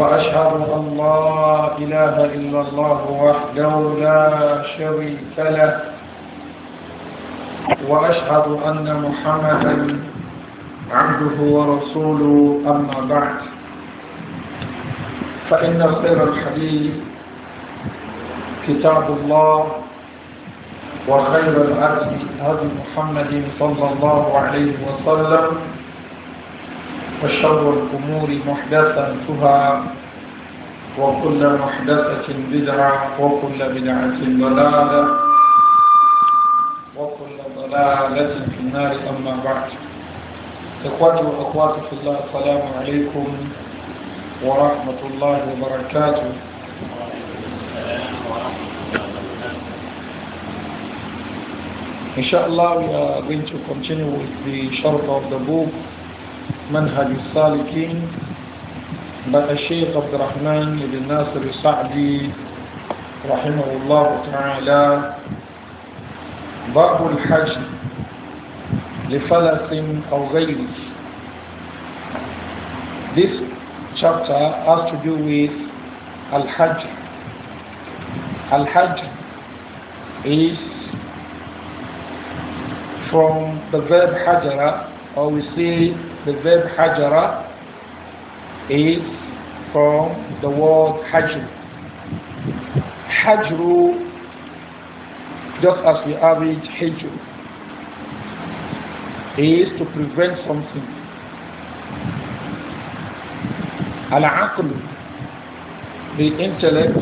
وأشهد أن لا إله إلا الله وحده لا شريك له وأشهد أن محمدا عبده ورسوله أما بعد فإن خير الحديث كتاب الله وخير الأرض هدي محمد صلى الله عليه وسلم وشر الأمور محدثاتها وكل محدثة بدعة وكل بدعة ضلالة وكل ضلالة في النار أما بعد إخواتي وأخواتي في الله السلام عليكم ورحمة الله وبركاته Inshallah, we are going to continue with the sharh of the book منهج السالكين but الشيخ عبد الرحمن بن ناصر السعدي رحمه الله تعالى باب الحج لفلس أو غيره This chapter has to do with Al-Hajj. Al-Hajj is from the verb hajara or we say the verb hajara is from the word hajru. Hajru, just as the average hajru, is to prevent something. Al-aql, the intellect,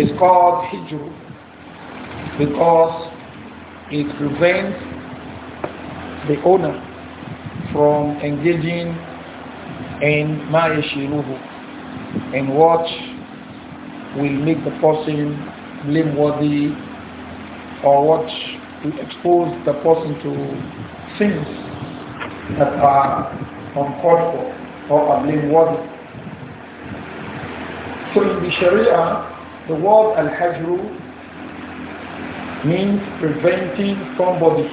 is called hijr because it prevents the owner from engaging in ma'ishiruhu and what will make the person blameworthy or what will expose the person to things that are uncalled for or are blameworthy. So in the Sharia, the word al-hajru means preventing somebody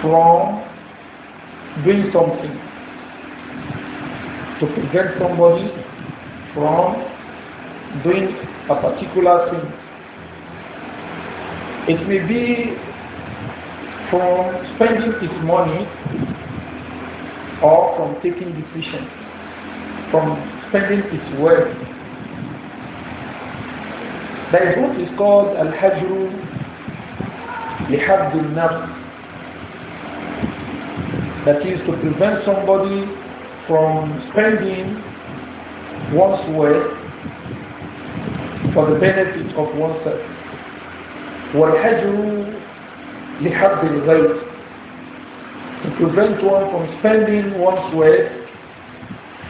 from doing something to prevent somebody from doing a particular thing. It may be from spending his money or from taking decisions, from spending his wealth. That is what is called al-hajru li nafs that is to prevent somebody from spending one's wealth for the benefit of oneself. والحجر لحد الغير to prevent one from spending one's wealth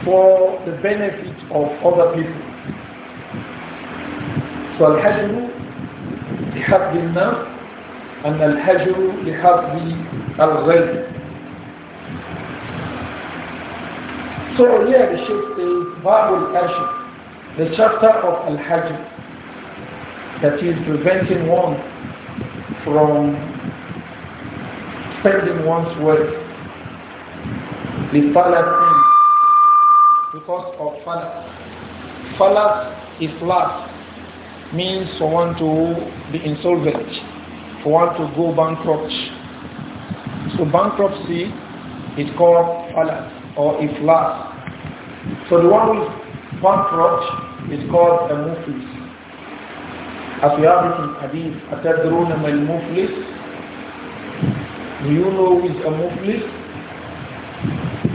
for the benefit of other people. So فالحجر لحد النفس أن الحجر لحد الغير So here the Sheikh says, al Kashif, the chapter of Al-Hajj, that is preventing one from spending one's wealth the falas because of falas. Falas is last, means someone one to be insolvent, for one to go bankrupt. So bankruptcy is called falas or if last. So the one who is bankrupt is called a muflis. As we have it in Hadith, أَتَدْرُونَ مَا الْمُفْلِس Do you know who is a muflis?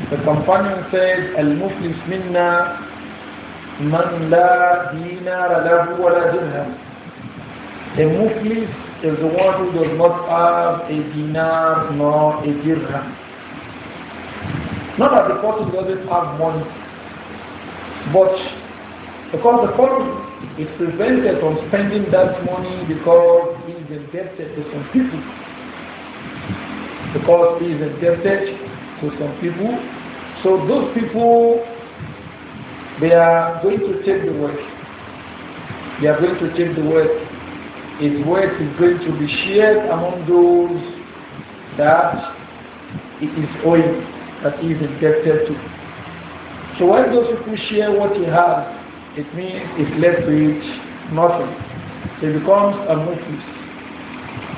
The companion says, said, الْمُفْلِس minna man la dinar lahu wa la dirham. A muflis is the one who does not have a dinar nor a dirham. Not that the person doesn't have money, but because the fund is prevented from spending that money because he is indebted to some people. Because he is indebted to some people. So those people, they are going to take the work. They are going to take the work. His work is going to be shared among those that it is owing, that he is indebted to. So why those people share what he has, it means it's left with nothing. So it becomes a muflis.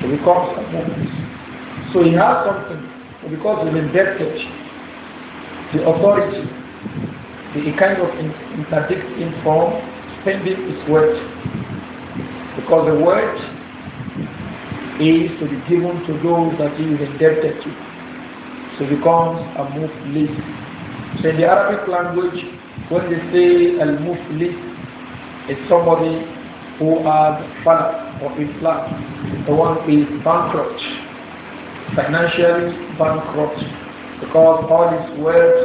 It becomes a muflis. So he has something because he's indebted. The authority, the kind of interdicts him from spending is wealth. Because the word is to be given to those that he is indebted to. So it becomes a muflis. So in the Arabic language, when they say al-muflis, it's somebody who has fallen or is flat. The one is bankrupt, financially bankrupt, because all his wealth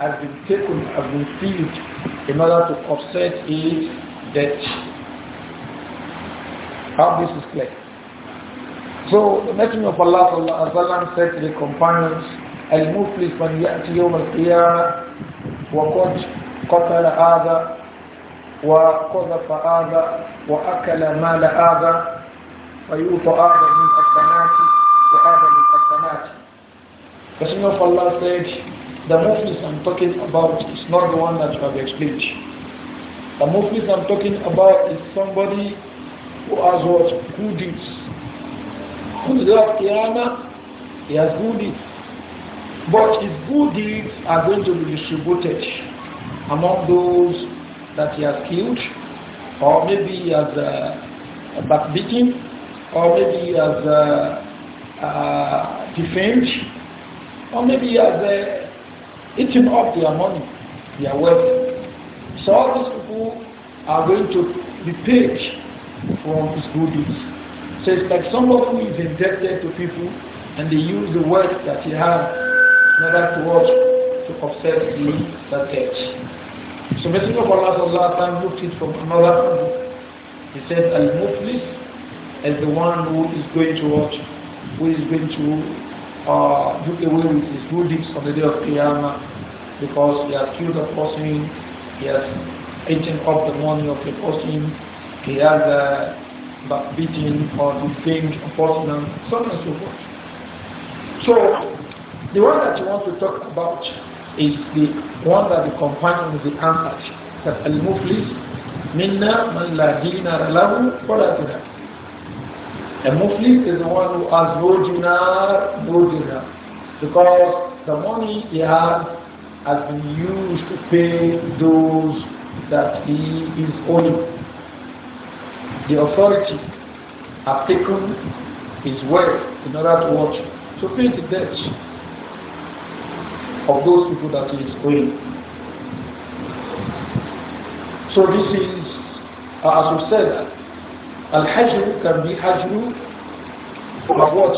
has been taken, has been seized in order to offset his debt. How this is clear. So the Messenger of Allah said to the companions, المفلس من يأتي يوم القيامة وقد قتل هذا وقذف هذا وأكل مال هذا فيوط هذا من الثمات وهذا من الثمات Messenger of Allah said, the Muflis I'm talking about is not the one that you have explained. The Muflis I'm talking about is somebody who has what? Good deeds. On the day of Qiyamah, he has good deeds. But his good deeds are going to be distributed among those that he has killed, or maybe he has uh, backbeaten, or maybe he has uh, uh, defamed, or maybe he has uh, eaten up their money, their wealth. So all these people are going to be paid from his good deeds. So it's like somebody who is indebted to people and they use the wealth that he has in order to watch, to offset the target. So Messenger of Allah sallallahu moved it from another angle. He said, Al-Muflis is the one who is going to watch, who is going to uh, do away with his good on the day of Qiyamah because he has killed a person, he has eaten up the money of the person, he has uh, beaten or beating or defamed a person and so on and so forth. So the one that you want to talk about is the one that the companion the answered. That al-muflis minna man la dinara lahu wa la dinar. A muflis is the one who has no dinar, no dinar. Because the money he has has been used to pay those that he is owing. The authority have taken his wealth in order to watch, to pay the debt of those people that he is praying. So this is, uh, as we said, Al-Hajr can be Hajr of what?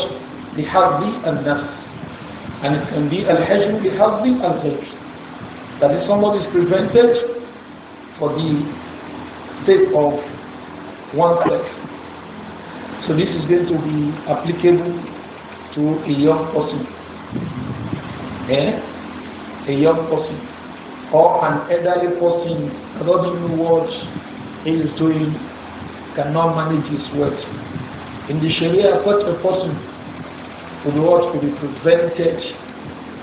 Bihadli and nafs And it can be Al-Hajr and al-Zajr. That is somebody is prevented for the sake of one oneself. So this is going to be applicable to a young person. Eh? a young person or an elderly person doesn't know what he is doing cannot manage his wealth. In the Sharia, such a person would what will be prevented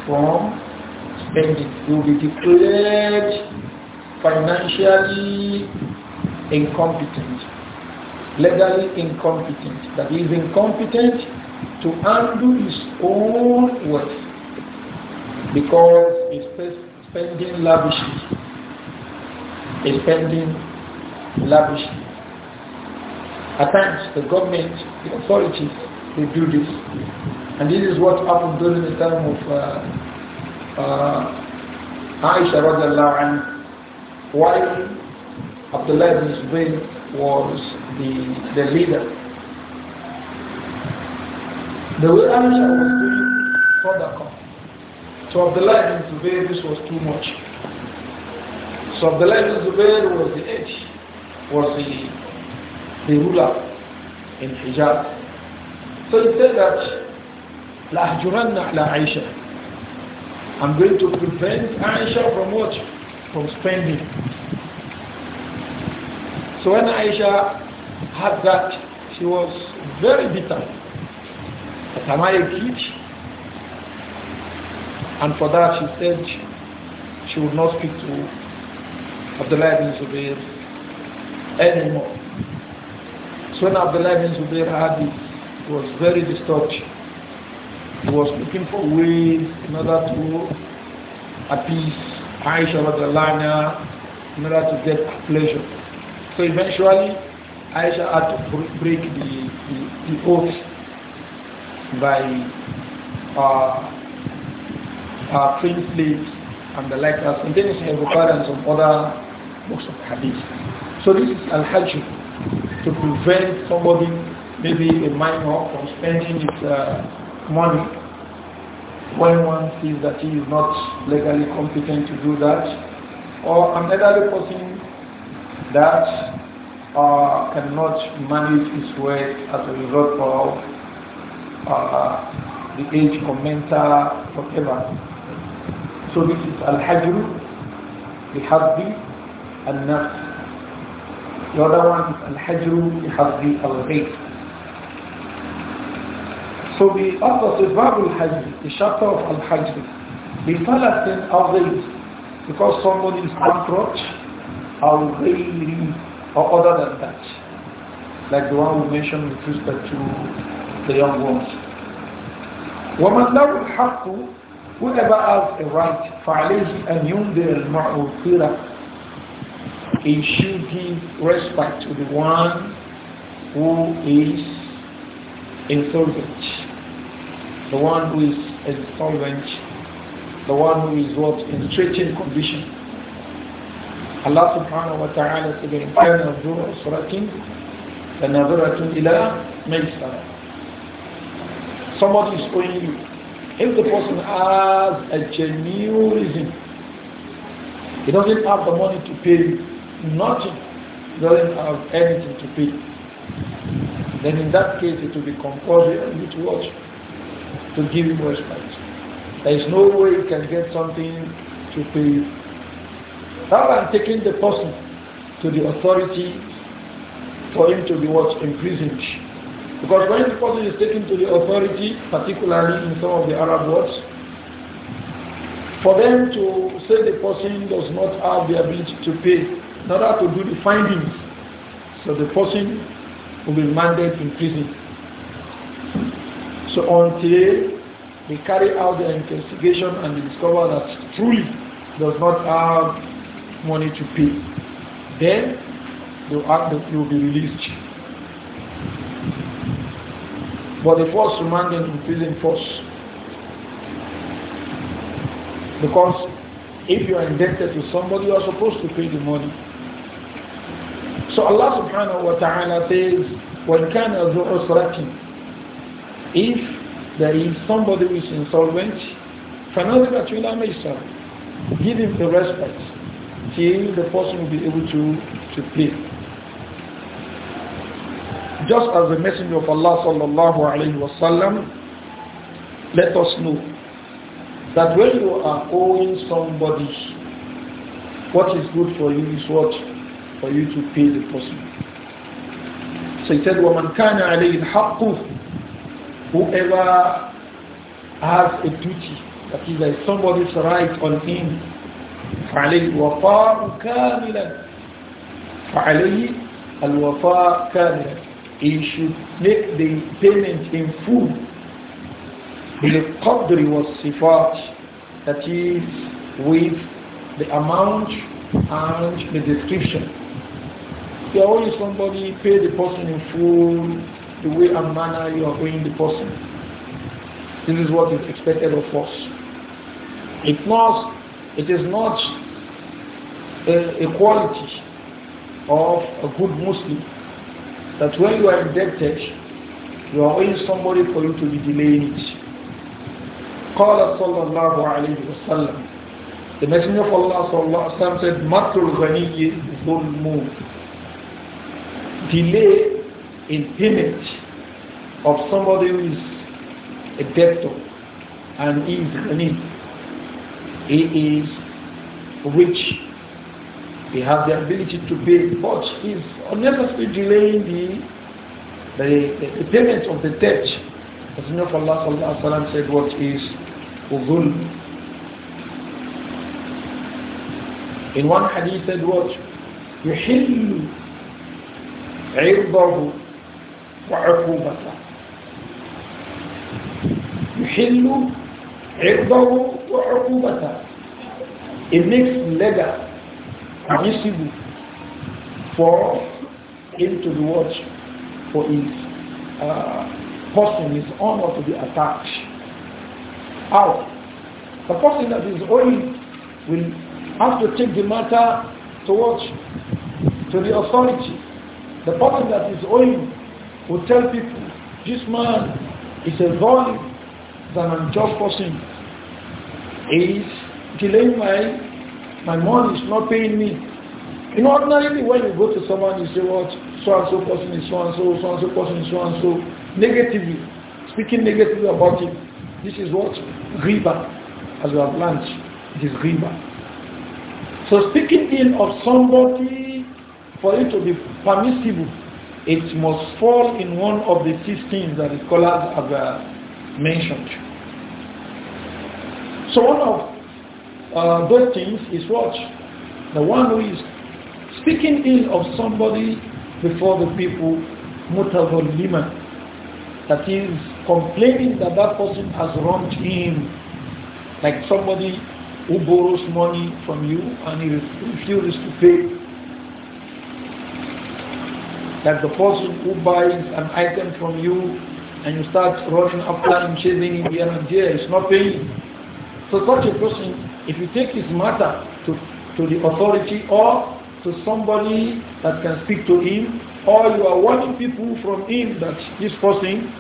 from spending. He will be declared financially incompetent, legally incompetent. That he is incompetent to handle his own wealth because is spending lavishly. Is spending lavishly. At times, the government, the authorities, they do this. And this is what happened during the time of uh, uh, Aisha radiallahu anha, while Abdullah bin Zubayr was the, the leader. The way Aisha was doing sadaqah, so Abdullah ibn Zubayr, this was too much. So Abdullah ibn Zubayr was the edge, was the, the ruler in Hijaz. So he said that, لَأَحْجُرَنَّ عَيْشَةً I'm going to prevent Aisha from what? From spending. So when Aisha had that, she was very bitter. But am I a kid? And for that, she said she would not speak to Abdullah bin Zubair anymore. So when Abdullah bin Zubair had it, he was very disturbed. He was looking for ways in order to appease Aisha Radhalana, in order to get pleasure. So eventually, Aisha had to break the, the, the oath by uh, have and the like as And then it's in other books of hadith. So this is Al-Hajj to prevent somebody, maybe a minor, from spending his uh, money when one sees that he is not legally competent to do that. Or another person that uh, cannot manage his wealth as a result of uh, the age or mental whatever. So this is Al-Hajru, Bihabdi, Al-Nafs. The other one is Al-Hajru, Bihabdi, Al-Bayt. So the author says, Babul Hajj, the chapter of Al-Hajj, the Palestine of it because somebody is bankrupt, or really, or other than that. Like the one we mentioned with respect to the young ones. وَمَنْ لَهُ الْحَقُّ whoever has a right فعليه أن ينذر المعوقرة he should give respect to the one who is insolvent the one who is insolvent the one who is what in stretching condition Allah subhanahu wa ta'ala said in كان الظهر أسرة فنظرة إلى ميسرة somebody is owing you if the person has a genuine reason, he doesn't have the money to pay nothing, doesn't have anything to pay, then in that case it will be compulsory on you to watch, to give him respite. There is no way he can get something to pay you. Rather than taking the person to the authority for him to be watched in prison. Because when the person is taken to the authority, particularly in some of the Arab words, for them to say the person does not have the ability to pay, in order to do the findings, so the person will be remanded in prison. So until they carry out their investigation and they discover that truly does not have money to pay, then you will be released. But the force man in increasing force Because if you are indebted to somebody, you are supposed to pay the money. So Allah subhanahu wa ta'ala says, وَإِنْ كَانَ ذُو عُسْرَةٍ If there is somebody who is insolvent, فَنَذِرَةُ إِلَى Give him the respect till the person will be able to, to pay just as the Messenger of Allah sallallahu alayhi wasallam let us know that when you are owing somebody, what is good for you is what for you to pay the person. So he said, وَمَنْ كَانَ عَلَيْهِ الْحَقُّ Whoever has a duty, that is, like somebody's right on him, فَعَلَيْهِ الْوَفَاءُ كَامِلًا فَعَلَيْهِ الْوَفَاءُ كَامِلًا he should make the payment in full The was والصفات that is with the amount and the description. There always somebody pay the person in full the way and manner you are paying the person. This is what is expected of us. It must. it is not a, a quality of a good Muslim that when you are indebted, you are owing somebody for you to be delaying it. قال صلى الله عليه وسلم The Messenger of Allah صلى الله عليه وسلم said مكر الغني ظلم Delay in payment of somebody who is a debtor and he is ghani. He is rich we have the ability to pay, but he's unnecessarily delaying the, the, the, payment of the debt. As you know, Allah sallallahu alaihi wasallam said, "What is uzul?" In one hadith, said what يحل عرضه وعقوبته يحل عرضه وعقوبته it makes legal permissible for him to be watched for his uh, person, his honor to be attacked. How? The person that is owing will have to take the matter towards to the authority. The person that is owing will tell people, this man is a violent, an unjust person. He is delaying my my money is not paying me. You know, ordinarily when you go to someone, you say what so and so person is so and so, so and so person is so and so, negatively, speaking negatively about him. This is what riba, as we have learned, it is riba. So speaking ill of somebody for it to be permissible, it must fall in one of the six things that the scholars have uh, mentioned. So one of uh, those things is what? The one who is speaking ill of somebody before the people, mutazalliman, that is complaining that that person has wronged him, like somebody who borrows money from you and he refuses to pay. Like the person who buys an item from you and you start running after him, chasing him here and there, he's not paying. So such a person if you take this matter to, to the authority or to somebody that can speak to him, or you are warning people from him that this person,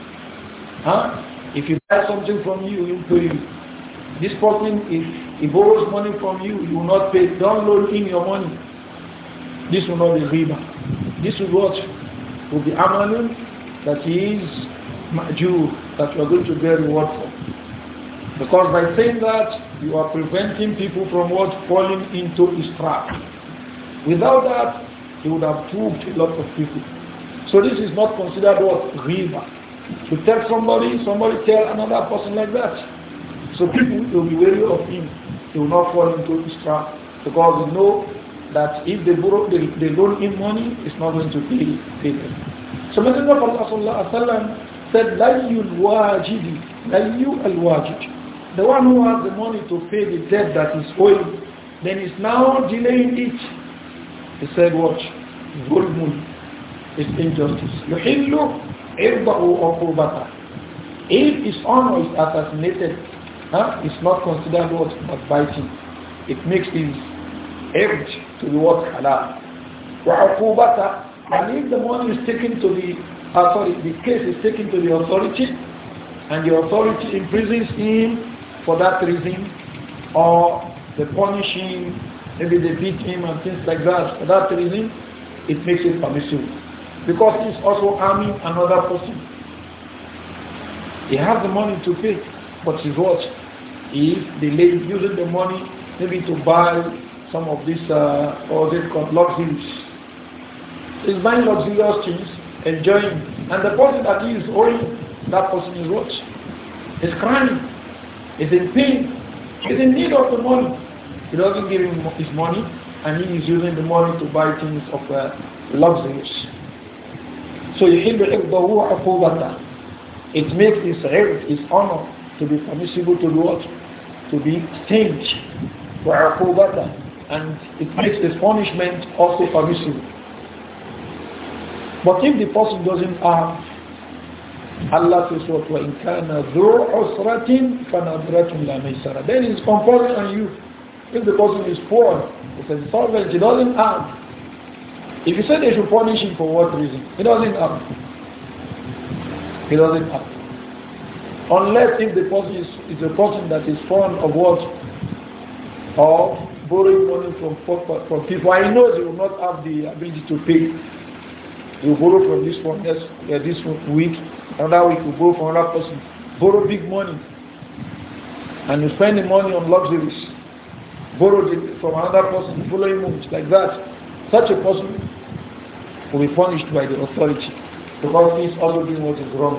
huh, if he buys something from you, he'll pay you. This person, if he borrows money from you, you will not pay. do him your money. This will not be riba. This is what? Will be amalun that is ma'jur, that you are going to bear reward for. Because by saying that, you are preventing people from what falling into his trap. Without that, he would have duped a lot of people. So this is not considered what riba. To tell somebody, somebody tell another person like that. So people will be wary of him. He will not fall into his trap because they know that if they borrow, they, they loan him money, it's not going to be paid. So Messenger of Allah said, "Layu al-wajidi, layu al-wajidi." the one who has the money to pay the debt that is owing, then is now delaying it. He said, watch, money is injustice. يحل عرضه عقوبته. If his honor is assassinated, huh, it's not considered what but biting. It makes his urge to the what halal. and if the money is taken to the authority, the case is taken to the authority, and the authority imprisons him for that reason or they punish him, maybe they beat him and things like that. For that reason, it makes it permissible. Because he's also harming another person. He has the money to pay, but he's what? If they using the money maybe to buy some of these, uh, or they called luxuries. He's buying luxurious things, enjoying, and the person that he is owing, that person is what? He's crying is in pain, is in need of the money. He doesn't give him his money and he is using the money to buy things of uh, luxuries. So يحل عرضه عقوبته. It makes his عرض, his honor, to be permissible to do what? To be for وعقوبته. And it makes his punishment also permissible. But if the person doesn't have Allah says what wa in kana dhur usratin fanadratun la maysara. Then it's compulsory on you. If the person is poor, he it's a solvent, he doesn't have. If you say they should punish him for what reason? He doesn't have. He doesn't have. Unless if the person is, is a person that is fond of what? or borrowing money from, from people. I know he will not have the ability to pay. You borrow from this one, yes, yeah, this week, and now we could borrow from another person. Borrow big money. And you spend the money on luxuries. Borrow it from another person following moves like that. Such a person will be punished by the authority because he is also doing what is wrong.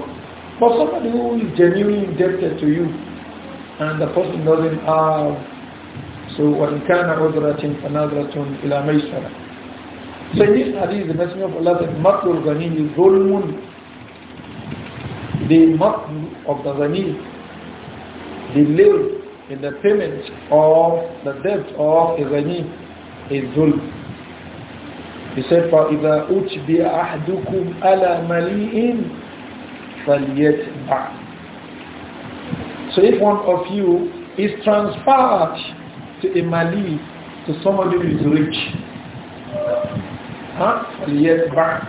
But somebody who is genuinely indebted to you and the person doesn't have, so وَإِنْ can عُذْرَةٍ فَنَظْرَةٌ إِلَى مَيْسَرَةٍ So in this hadith, the Messenger of Allah said, مَطْلُ الْغَنِيِّ ظُلْمٌ the matn of the ghani, delay in the payment of the debt of a Zani, a zulm. He said, فَإِذَا أُتْبِعَ أَحْدُكُمْ أَلَى مَلِيءٍ فَلْيَتْبَعْ So if one of you is transferred to a mali, to somebody who is rich, huh? فَلْيَتْبَعْ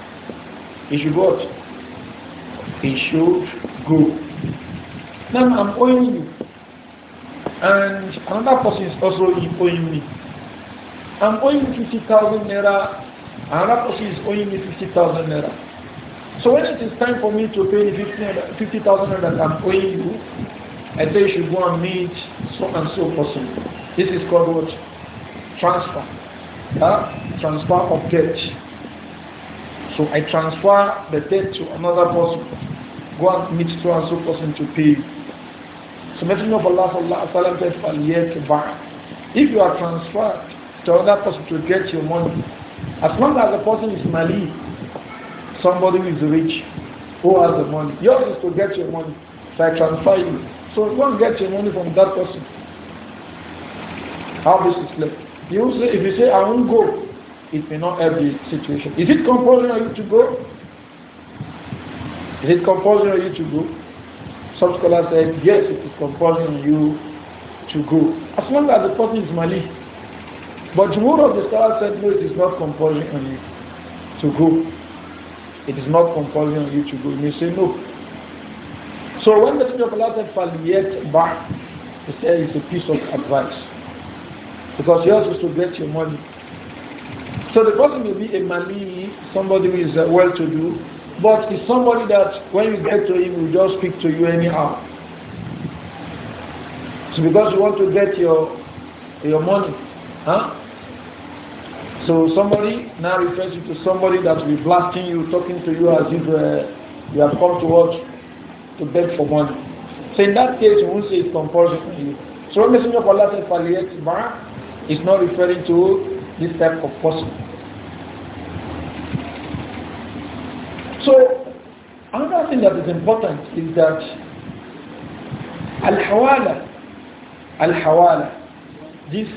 He should go he should go. Now I'm owing you. And another person is also owing me. I'm owing 50,000 naira. Another person is owing me 50,000 naira. So when it is time for me to pay the 50,000 naira that I'm owing you, I say you should go and meet so and so person. This is called what? Transfer. Huh? Transfer of debt. So I transfer the debt to another person. Go and meet two and so person to pay. So Messenger of Allah sallallahu alaihi wasallam said, If you are transferred to another person to get your money, as long as the person is Mali, somebody who is rich, who has the money, yours is to get your money. So I transfer you. So you won't get your money from that person. How this is left. You say, if you say, I won't go, it may not help the situation. Is it compulsory on you to go? Is it compulsory on you to go? Some scholars said, yes, it is compulsory on you to go. As long as the person is Mali. But the word of the scholars said, no, it is not compulsory on you to go. It is not compulsory on you to go. You may say no. So when the Messenger of Allah said, Faliyet Bah, he said, it's a piece of advice. Because yours is to get your money. So the person may be a Mali, somebody who is uh, well-to-do, but it's somebody that when you get to him, will just speak to you anyhow. So because you want to get your your money, huh? So somebody now refers you to somebody that will be blasting you, talking to you as if uh, you have come to watch to beg for money. So in that case, we won't say it's compulsory you. So when Messenger of Allah said, it's not referring to this type of person. So another thing that is important is that al-hawala, al-hawala, this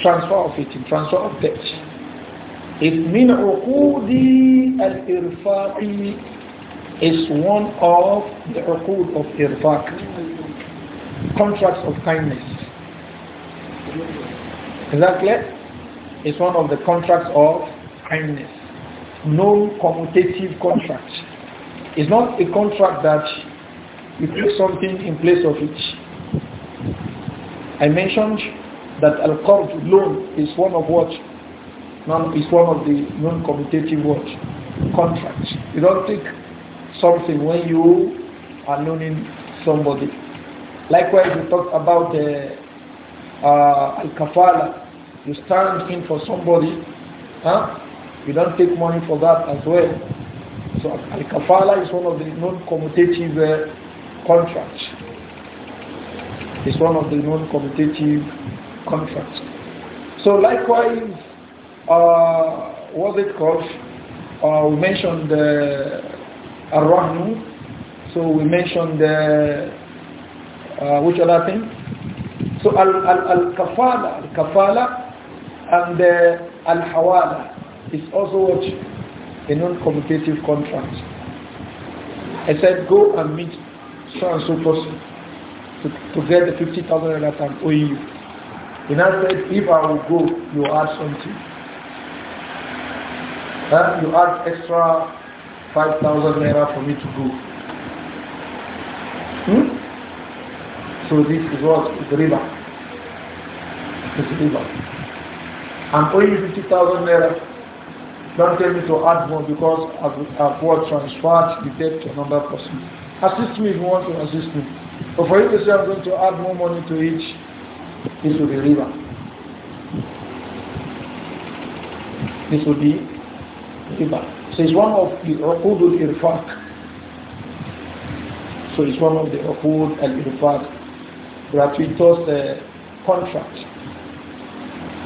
transfer of it, transfer of debt, is min uqudi al-irfaqi is one of the uqud of irfaq, contracts of kindness. Is that clear? It's one of the contracts of kindness non-commutative contract. It's not a contract that you put something in place of it. I mentioned that Al-Qard loan is one of what? is one of the non-commutative what? Contracts. You don't take something when you are loaning somebody. Likewise, we talked about the uh, uh, Al-Kafala. You stand in for somebody. Huh? We don't take money for that as well. So al-kafala is one of the non-commutative uh, contracts. It's one of the non-commutative contracts. So likewise, uh, what's it called? Uh, we mentioned uh, So we mentioned uh, uh, which other thing? So al-kafala, al, al, al kafala al kafala and uh, al-hawala is also what? A non-commutative contract. I said, go and meet so and so person to, to get the 50,000 naira and owe you. And I said, if I will go, you add something. Huh? You add extra 5,000 naira for me to go. Hmm? So this is what is the river. It's the river. I'm owing 50,000 naira. Don't tell me to add more because I've, I've what transferred the debt to another person. Assist me if you want to assist me. But for you to say I'm going to add more money to each, this will be river. This will be river. So it's one of the uqud al-irfaq. So it's one of the uqud al-irfaq that we thought the contract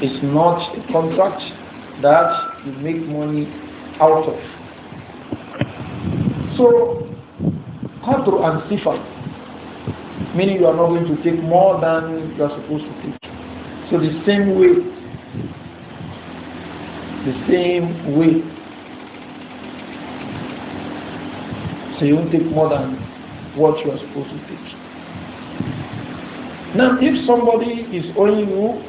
is not a contract that you make money out of. So, qadr and sifa, meaning you are not going to take more than you are supposed to take. So the same way, the same way. So you won't take more than what you are supposed to take. Now, if somebody is owing you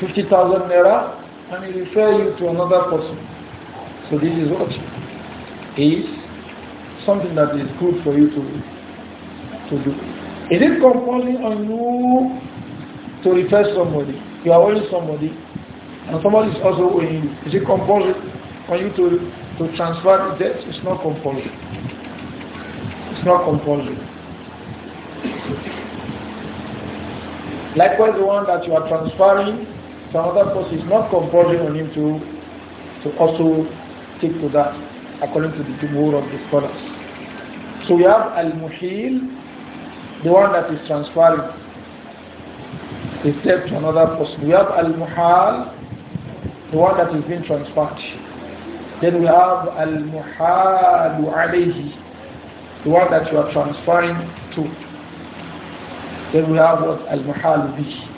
50,000 naira and he refer you to another person. So this is what is something that is good for you to, to do. it compulsory on you to refer somebody. You are owing somebody and somebody is also owing you. Is it compulsory on you to, to transfer debt? It's not compulsory. It's not compulsory. Likewise, the one that you are transferring so another person is not compulsory on him to, to also stick to that according to the jumhur of the scholars. So we have al-muhil, the one that is transferring the step to another person. We have al-muhal, the one that is being transferred. Then we have al-muhalu alayhi, the one that you are transferring to. Then we have what al muhal bihi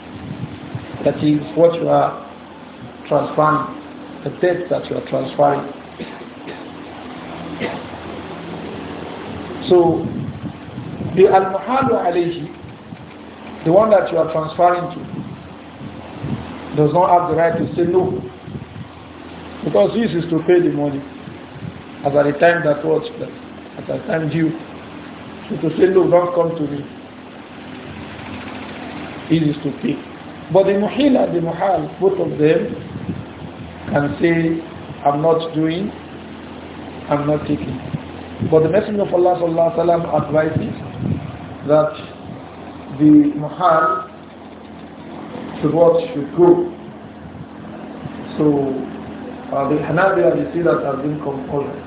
that is what you are transferring, the debt that you are transferring. So the al-muhalu alayhi, the one that you are transferring to, does not have the right to say no. Because this is to pay the money. As at the time that was, at the time due. So to say no, don't come to me. This is to pay. But the muhil and the muhal, both of them can say, I'm not doing, I'm not taking. But the Messenger of Allah sallallahu alayhi wa advises that the muhal should watch, should go. So uh, the Hanabiya, you see that has been compulsory.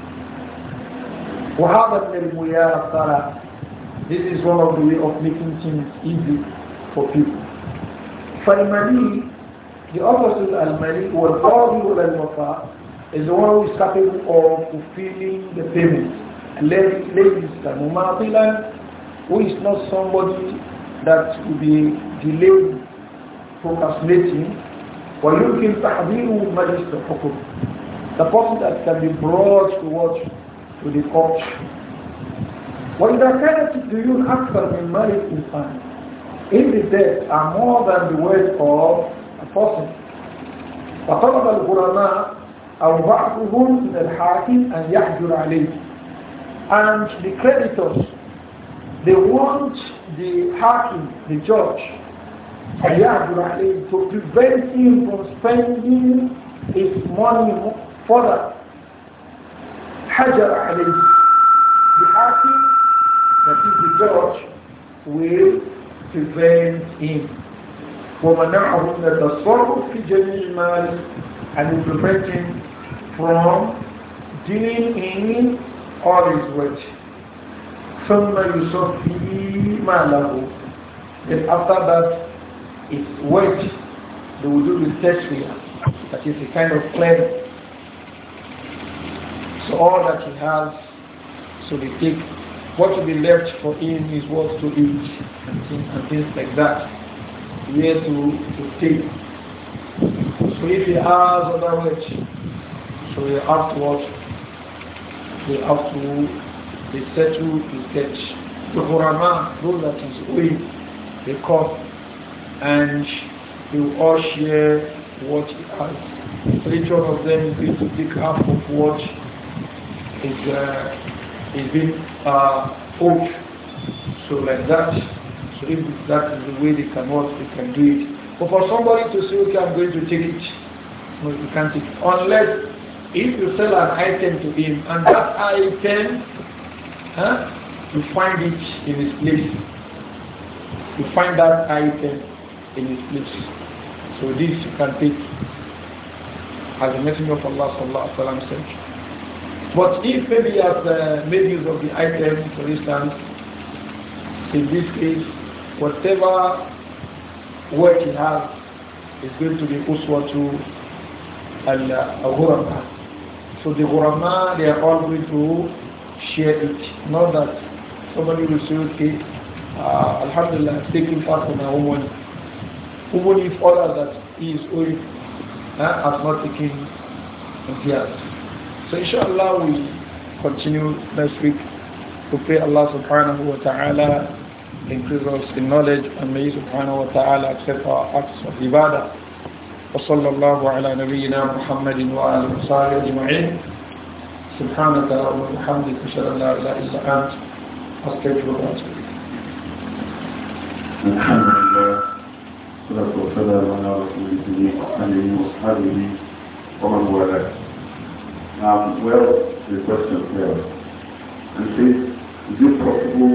وهذا من المياسرة This is one of the way of making things easy for people. Finally, the opposite al-malik wal qadi wal al-wafa is the one who is capable of fulfilling the payment. Ladies and gentlemen, who is not somebody that will be delayed, procrastinating, ويمكن تحضيره مجلس الحكم. The person that can be brought to watch to the court. وإذا كانت الديون أكثر من مال الإنسان in the death are more than the weight of a person. فطلب العلماء أو بعضهم من الحاكم أن يحجر عليه. And the creditors, they want the hakim, the judge, أن يحجر عليه to prevent him from spending his money further. حجر عليه. The hakim, that is the judge, will prevent him. وَمَنَعَهُ مِنَ التَّصَرُّفِ فِي جَمِيعِ الْمَالِ And he prevent him from dealing in all his wealth. ثُمَّ يُصَفِّي مَالَهُ Then after that, his wealth, they will do the testimony. That is a kind of cleansing. So all that he has, so they take what will be left for him is what to eat and things, like that, where to, to stay. So if he has other words, so he has to what? He has to be settled to catch The Hurama, those that is owing, the come and they will all share what he has. Each one of them is going to take half of what is uh, is being uh, poked. So like that. So if that is the way they can work, they can do it. But for somebody to say, okay, I'm going to take it, no, you can't take it. Unless if you sell an item to him and that item, huh, you find it in his place. You find that item in his place. So this you can take as a Messenger of Allah sallallahu alaihi wasallam but if maybe he have uh, made use of the item, for instance, in this case, whatever work he has is going to be uswa to uh, al-ghurama. So the ghurama, they are all going to share it. Not that somebody will say, okay, uh, alhamdulillah, taking part from my woman. even if all that he is owing uh, has not taken theirs. So inshallah we continue next week. We pray Allah subhanahu wa ta'ala increase us in knowledge and may subhanahu wa ta'ala accept our acts of ibadah. وصلى الله على نبينا محمد وآله وصحبه أجمعين سبحانك اللهم وبحمدك أشهد أن لا إله إلا أنت أستغفرك وأتوب إليك الحمد لله والصلاة والسلام على رسول الله وعلى آله وصحبه ومن والاه um, well, to the question of and is it possible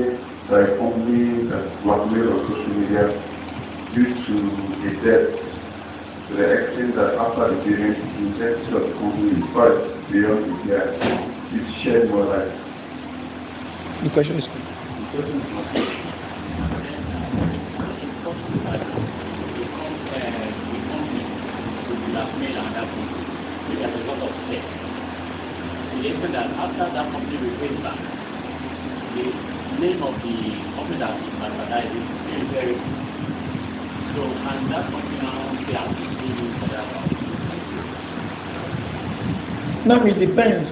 that a company that blackmail on social media due to a debt to the extent that after the payment, the of the company is beyond the debt, is shared more The question is. The question is even that after that company will back, the name of the company that is advertising is very So, and that company now they are paying for that. Now it depends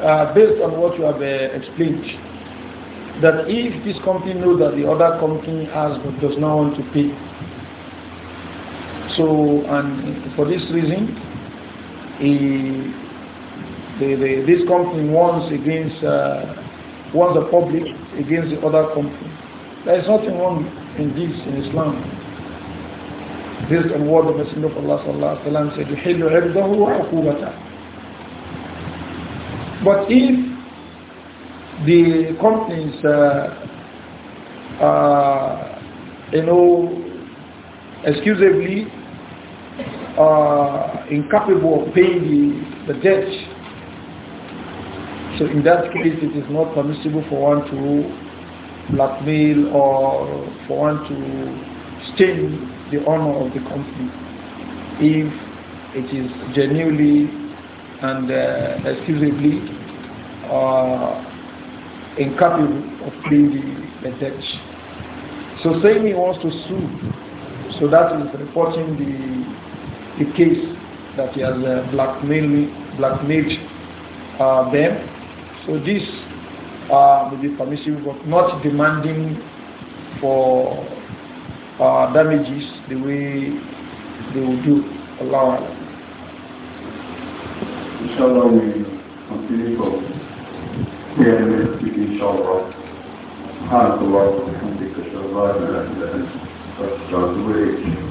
uh, based on what you have uh, explained that if this company knows that the other company has but does not want to pay so and for this reason he the, the, this company wants against uh, the public against the other company. There is nothing wrong in this in Islam. This is the word of Messenger of Allah sallallahu alaihi wasallam said, "Yuhillu irdahu wa But if the companies, uh, uh, you know, excusably uh, incapable of paying the, the debt so in that case, it is not permissible for one to blackmail or for one to stain the honor of the company if it is genuinely and uh, excusably uh, incapable of paying the, the debt. So saying he wants to sue, so that is reporting the, the case that he has uh, blackmailed, blackmailed uh, them so this uh, may be permissible, but not demanding for uh, damages the way they will do. Allah Allah. Inshallah, we continue from here next week, inshallah. سبحانك اللهم وبحمدك اشهد ان لا اله الا انت استغفرك واتوب اليك